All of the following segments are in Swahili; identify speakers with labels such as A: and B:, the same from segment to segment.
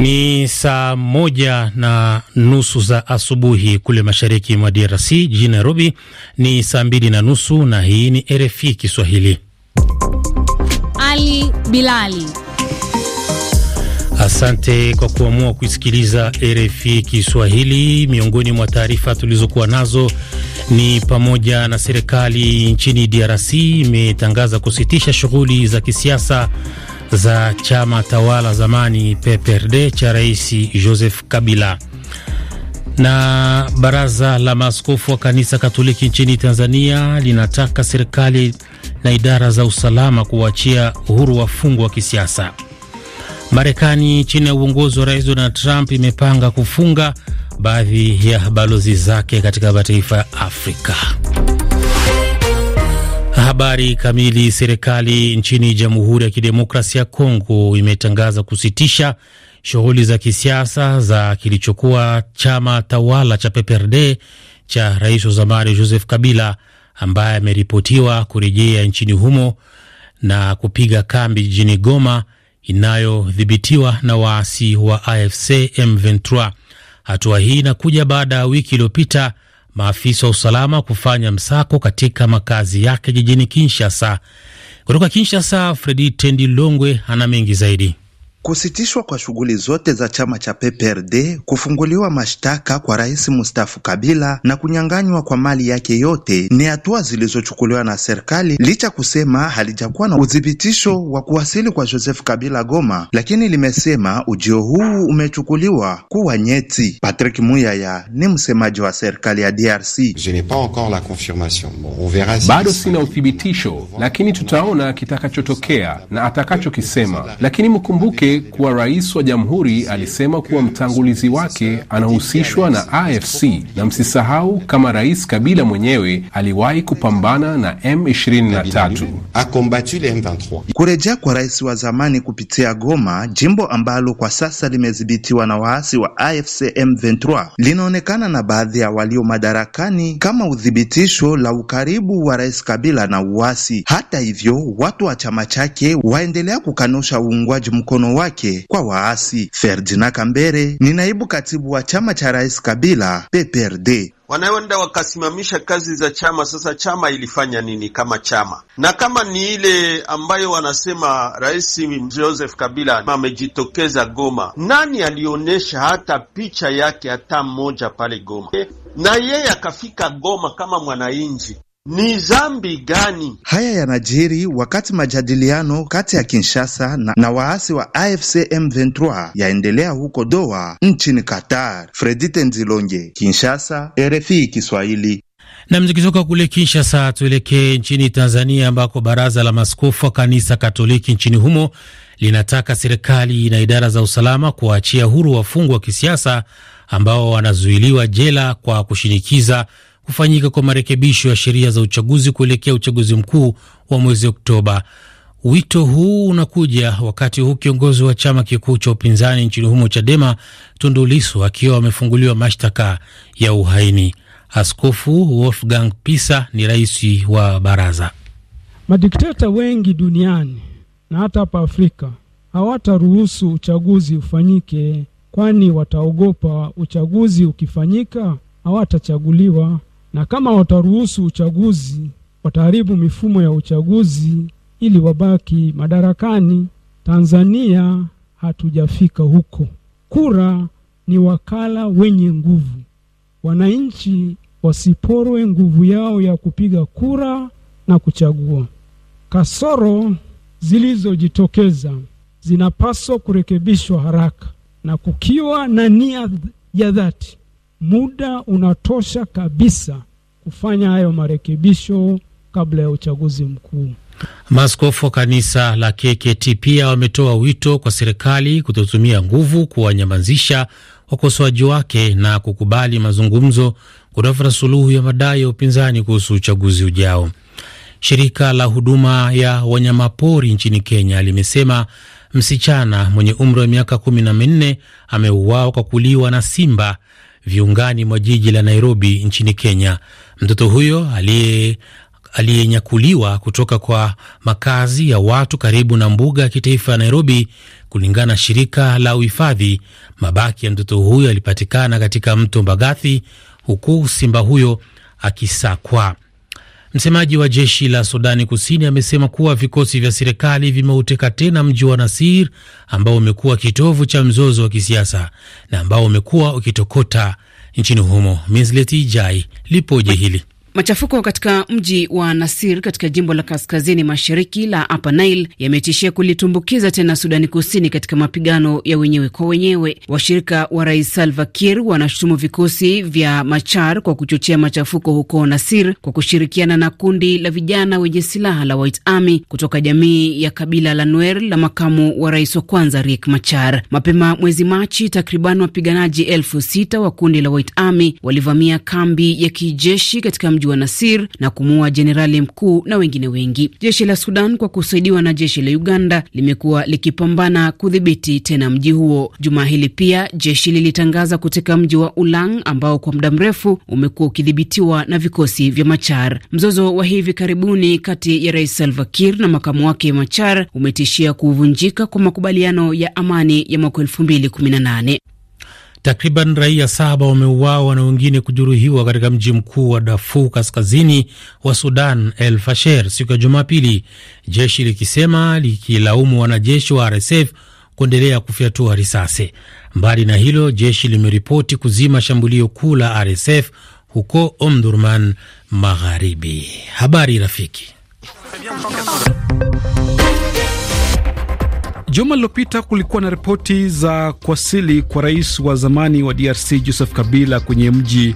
A: Ni saa moja na nusu za asubuhi kule mashariki mwa DRC. Jijini Nairobi ni saa mbili na nusu, na hii ni RFI Kiswahili.
B: Ali Bilali,
A: asante kwa kuamua kuisikiliza RFI Kiswahili. Miongoni mwa taarifa tulizokuwa nazo ni pamoja na serikali nchini DRC imetangaza kusitisha shughuli za kisiasa za chama tawala zamani PPRD cha Rais Joseph Kabila. Na baraza la maaskofu wa kanisa Katoliki nchini Tanzania linataka serikali na idara za usalama kuachia uhuru wafungwa wa kisiasa. Marekani chini ya uongozi wa Rais Donald Trump imepanga kufunga baadhi ya balozi zake katika mataifa ya Afrika habari kamili. Serikali nchini Jamhuri ya Kidemokrasia ya Kongo imetangaza kusitisha shughuli za kisiasa za kilichokuwa chama tawala cha PPRD cha rais wa zamani Joseph Kabila ambaye ameripotiwa kurejea nchini humo na kupiga kambi jijini Goma inayodhibitiwa na waasi wa AFC M23. Hatua hii inakuja baada ya wiki iliyopita maafisa wa usalama kufanya msako katika makazi yake jijini Kinshasa. Kutoka Kinshasa, Fredi Tendi Longwe ana mengi zaidi.
C: Kusitishwa kwa shughuli zote za chama cha PPRD, kufunguliwa mashtaka kwa rais mustafu Kabila na kunyang'anywa kwa mali yake yote ni hatua zilizochukuliwa na serikali, licha kusema halijakuwa na uthibitisho wa kuwasili kwa Joseph Kabila Goma, lakini limesema ujio huu umechukuliwa kuwa nyeti. Patrick Muyaya ni msemaji wa serikali ya DRC. Bado sina uthibitisho, lakini tutaona kitakachotokea na atakachokisema, lakini mkumbuke kuwa rais wa jamhuri alisema kuwa mtangulizi wake anahusishwa na AFC, na msisahau kama Rais Kabila mwenyewe aliwahi kupambana na M23. Kurejea kwa rais wa zamani kupitia Goma, jimbo ambalo kwa sasa limedhibitiwa na waasi wa AFC M23, linaonekana na baadhi ya walio madarakani kama uthibitisho la ukaribu wa rais Kabila na uasi. Hata hivyo, watu wa chama chake waendelea kukanusha uungwaji mkono wake kwa waasi. Ferdinand Kambere ni naibu katibu wa chama cha Rais Kabila PPRD wanaenda wakasimamisha kazi za chama. Sasa chama ilifanya nini kama chama? Na kama ni ile ambayo wanasema Rais Joseph Kabila amejitokeza Goma, nani alionyesha hata picha yake hata moja pale Goma? Na yeye akafika Goma kama mwananchi, ni zambi gani? Haya yanajiri wakati majadiliano kati ya Kinshasa na, na waasi wa AFC M23 yaendelea huko Doha nchini Qatar. Fredite Nzilonge, Kinshasa, RFI Kiswahili.
A: Nam, tukitoka kule Kinshasa tuelekee nchini Tanzania ambako baraza la maskofu wa kanisa Katoliki nchini humo linataka serikali na idara za usalama kuwaachia huru wafungwa wa kisiasa ambao wanazuiliwa jela kwa kushinikiza kufanyika kwa marekebisho ya sheria za uchaguzi kuelekea uchaguzi mkuu wa mwezi Oktoba. Wito huu unakuja wakati huu kiongozi wa chama kikuu cha upinzani nchini humo Chadema, Tundu Lissu akiwa amefunguliwa mashtaka ya uhaini. Askofu Wolfgang Pisa ni rais wa baraza.
B: Madikteta wengi duniani na hata hapa Afrika hawataruhusu uchaguzi ufanyike, kwani wataogopa uchaguzi ukifanyika hawatachaguliwa na kama wataruhusu uchaguzi wataharibu mifumo ya uchaguzi ili wabaki madarakani. Tanzania hatujafika huko. Kura ni wakala wenye nguvu. Wananchi wasiporwe nguvu yao ya kupiga kura na kuchagua. Kasoro zilizojitokeza zinapaswa kurekebishwa haraka na kukiwa na nia ya dhati muda unatosha kabisa kufanya hayo marekebisho kabla ya uchaguzi mkuu.
A: Maaskofu wa kanisa la KKT pia wametoa wito kwa serikali kutotumia nguvu kuwanyamazisha wakosoaji wake na kukubali mazungumzo kutafuta suluhu ya madai ya upinzani kuhusu uchaguzi ujao. Shirika la huduma ya wanyamapori nchini Kenya limesema msichana mwenye umri wa miaka kumi na minne ameuawa kwa kuliwa na simba viungani mwa jiji la Nairobi nchini Kenya. Mtoto huyo aliyenyakuliwa kutoka kwa makazi ya watu karibu na mbuga ya kitaifa ya Nairobi. Kulingana na shirika la uhifadhi, mabaki ya mtoto huyo yalipatikana katika mto Mbagathi, huku simba huyo akisakwa. Msemaji wa jeshi la Sudani Kusini amesema kuwa vikosi vya serikali vimeuteka tena mji wa Nasir ambao umekuwa kitovu cha mzozo wa kisiasa na ambao umekuwa ukitokota nchini humo. Misleti Jai lipoje hili
B: Machafuko katika mji wa Nasir katika jimbo la kaskazini mashariki la Upper Nile yametishia kulitumbukiza tena Sudani Kusini katika mapigano ya wenyewe kwa wenyewe. Washirika wa Rais Salva Kiir wanashutumu vikosi vya Machar kwa kuchochea machafuko huko Nasir kwa kushirikiana na kundi la vijana wenye silaha la White Army kutoka jamii ya kabila la Nuer la makamu wa rais wa kwanza Riek Machar. Mapema mwezi Machi, takriban wapiganaji elfu sita wa kundi la White Army walivamia kambi ya kijeshi katika mji wa Nasir na kumuua jenerali mkuu na wengine wengi. Jeshi la Sudan kwa kusaidiwa na jeshi la Uganda limekuwa likipambana kudhibiti tena mji huo. Jumaa hili pia jeshi lilitangaza kuteka mji wa Ulang ambao kwa muda mrefu umekuwa ukidhibitiwa na vikosi vya Machar. Mzozo wa hivi karibuni kati ya Rais Salva Kiir na makamu wake Machar umetishia kuvunjika kwa makubaliano ya amani ya mwaka 2018. Takriban raia saba
A: wameuawa na wengine kujeruhiwa katika mji mkuu wa Darfur kaskazini wa Sudan, El Fasher, siku ya Jumapili, jeshi likisema likilaumu wanajeshi wa RSF kuendelea kufyatua risasi. Mbali na hilo, jeshi limeripoti kuzima shambulio kuu la RSF huko Omdurman Magharibi. Habari rafiki Juma
C: lililopita kulikuwa na ripoti za kuwasili kwa rais wa zamani wa DRC Joseph Kabila kwenye mji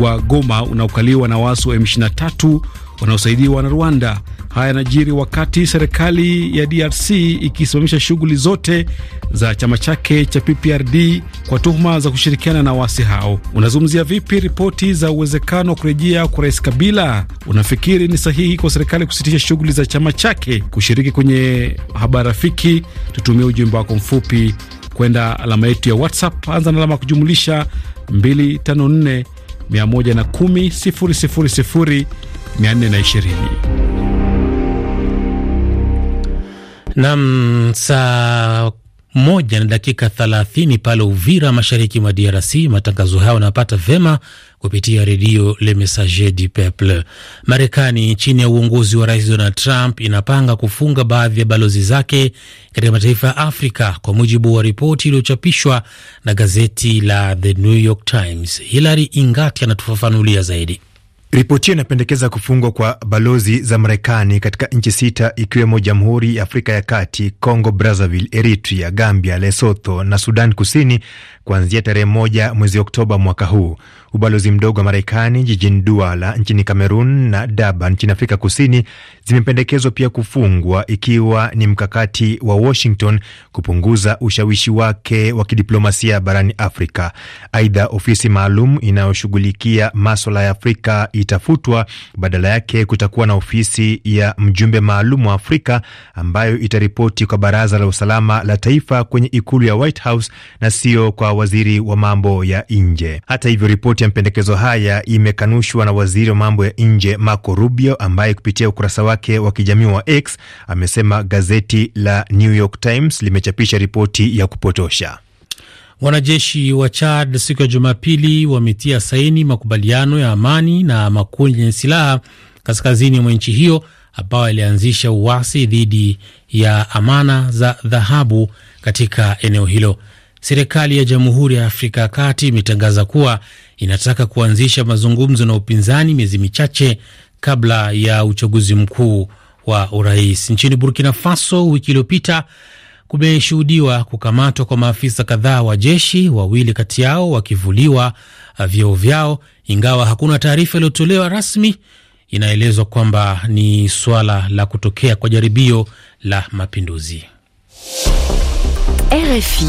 C: wa Goma unaokaliwa na waasi wa M23 wanaosaidiwa na Rwanda. Haya yanajiri wakati serikali ya DRC ikisimamisha shughuli zote za chama chake cha PPRD kwa tuhuma za kushirikiana na waasi hao. Unazungumzia vipi ripoti za uwezekano wa kurejea kwa rais Kabila? Unafikiri ni sahihi kwa serikali kusitisha shughuli za chama chake? Kushiriki kwenye habari rafiki, tutumie ujumbe wako mfupi kwenda alama yetu ya WhatsApp, anza na alama ya kujumulisha 254 110 000 420.
A: Nam, saa moja na dakika thelathini pale Uvira, mashariki mwa DRC. Matangazo hayo anapata vema kupitia redio Le Messager du Peuple. Marekani chini ya uongozi wa Rais Donald Trump inapanga kufunga baadhi ya balozi zake katika mataifa ya Afrika kwa mujibu wa ripoti iliyochapishwa na gazeti la The New York Times. Hilary Ingati anatufafanulia zaidi.
D: Ripoti hiyo inapendekeza
A: kufungwa kwa balozi
D: za Marekani katika nchi sita ikiwemo Jamhuri ya Afrika ya Kati, Congo Brazzaville, Eritrea, Gambia, Lesotho na Sudan Kusini kuanzia tarehe moja mwezi Oktoba mwaka huu. Ubalozi mdogo wa Marekani jijini Duala nchini Kamerun na Daba nchini Afrika Kusini zimependekezwa pia kufungwa, ikiwa ni mkakati wa Washington kupunguza ushawishi wake wa kidiplomasia barani Afrika. Aidha, ofisi maalum inayoshughulikia maswala ya Afrika itafutwa. Badala yake kutakuwa na ofisi ya mjumbe maalum wa Afrika ambayo itaripoti kwa baraza la usalama la taifa kwenye ikulu ya White House na sio kwa waziri wa mambo ya nje. Hata hivyo, ripoti ya mapendekezo haya imekanushwa na waziri wa mambo ya nje Marco Rubio ambaye kupitia ukurasa wake wa kijamii wa X amesema gazeti la New York Times limechapisha ripoti ya kupotosha.
A: Wanajeshi wa Chad siku ya Jumapili wametia saini makubaliano ya amani na makundi yenye silaha kaskazini mwa nchi hiyo ambayo alianzisha uasi dhidi ya amana za dhahabu katika eneo hilo. Serikali ya Jamhuri ya Afrika ya Kati imetangaza kuwa inataka kuanzisha mazungumzo na upinzani miezi michache kabla ya uchaguzi mkuu wa urais. Nchini Burkina Faso wiki iliyopita kumeshuhudiwa kukamatwa kwa maafisa kadhaa wa jeshi, wawili kati yao wakivuliwa uh, vyeo vyao, ingawa hakuna taarifa iliyotolewa rasmi. Inaelezwa kwamba ni suala la kutokea kwa jaribio la mapinduzi. RFI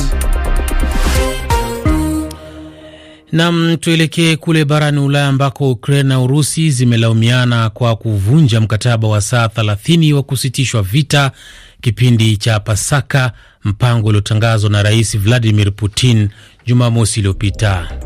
A: Nam, tuelekee kule barani Ulaya ambako Ukraine na Urusi zimelaumiana kwa kuvunja mkataba wa saa 30 wa kusitishwa vita kipindi cha Pasaka, mpango uliotangazwa na Rais Vladimir Putin Jumamosi iliyopita.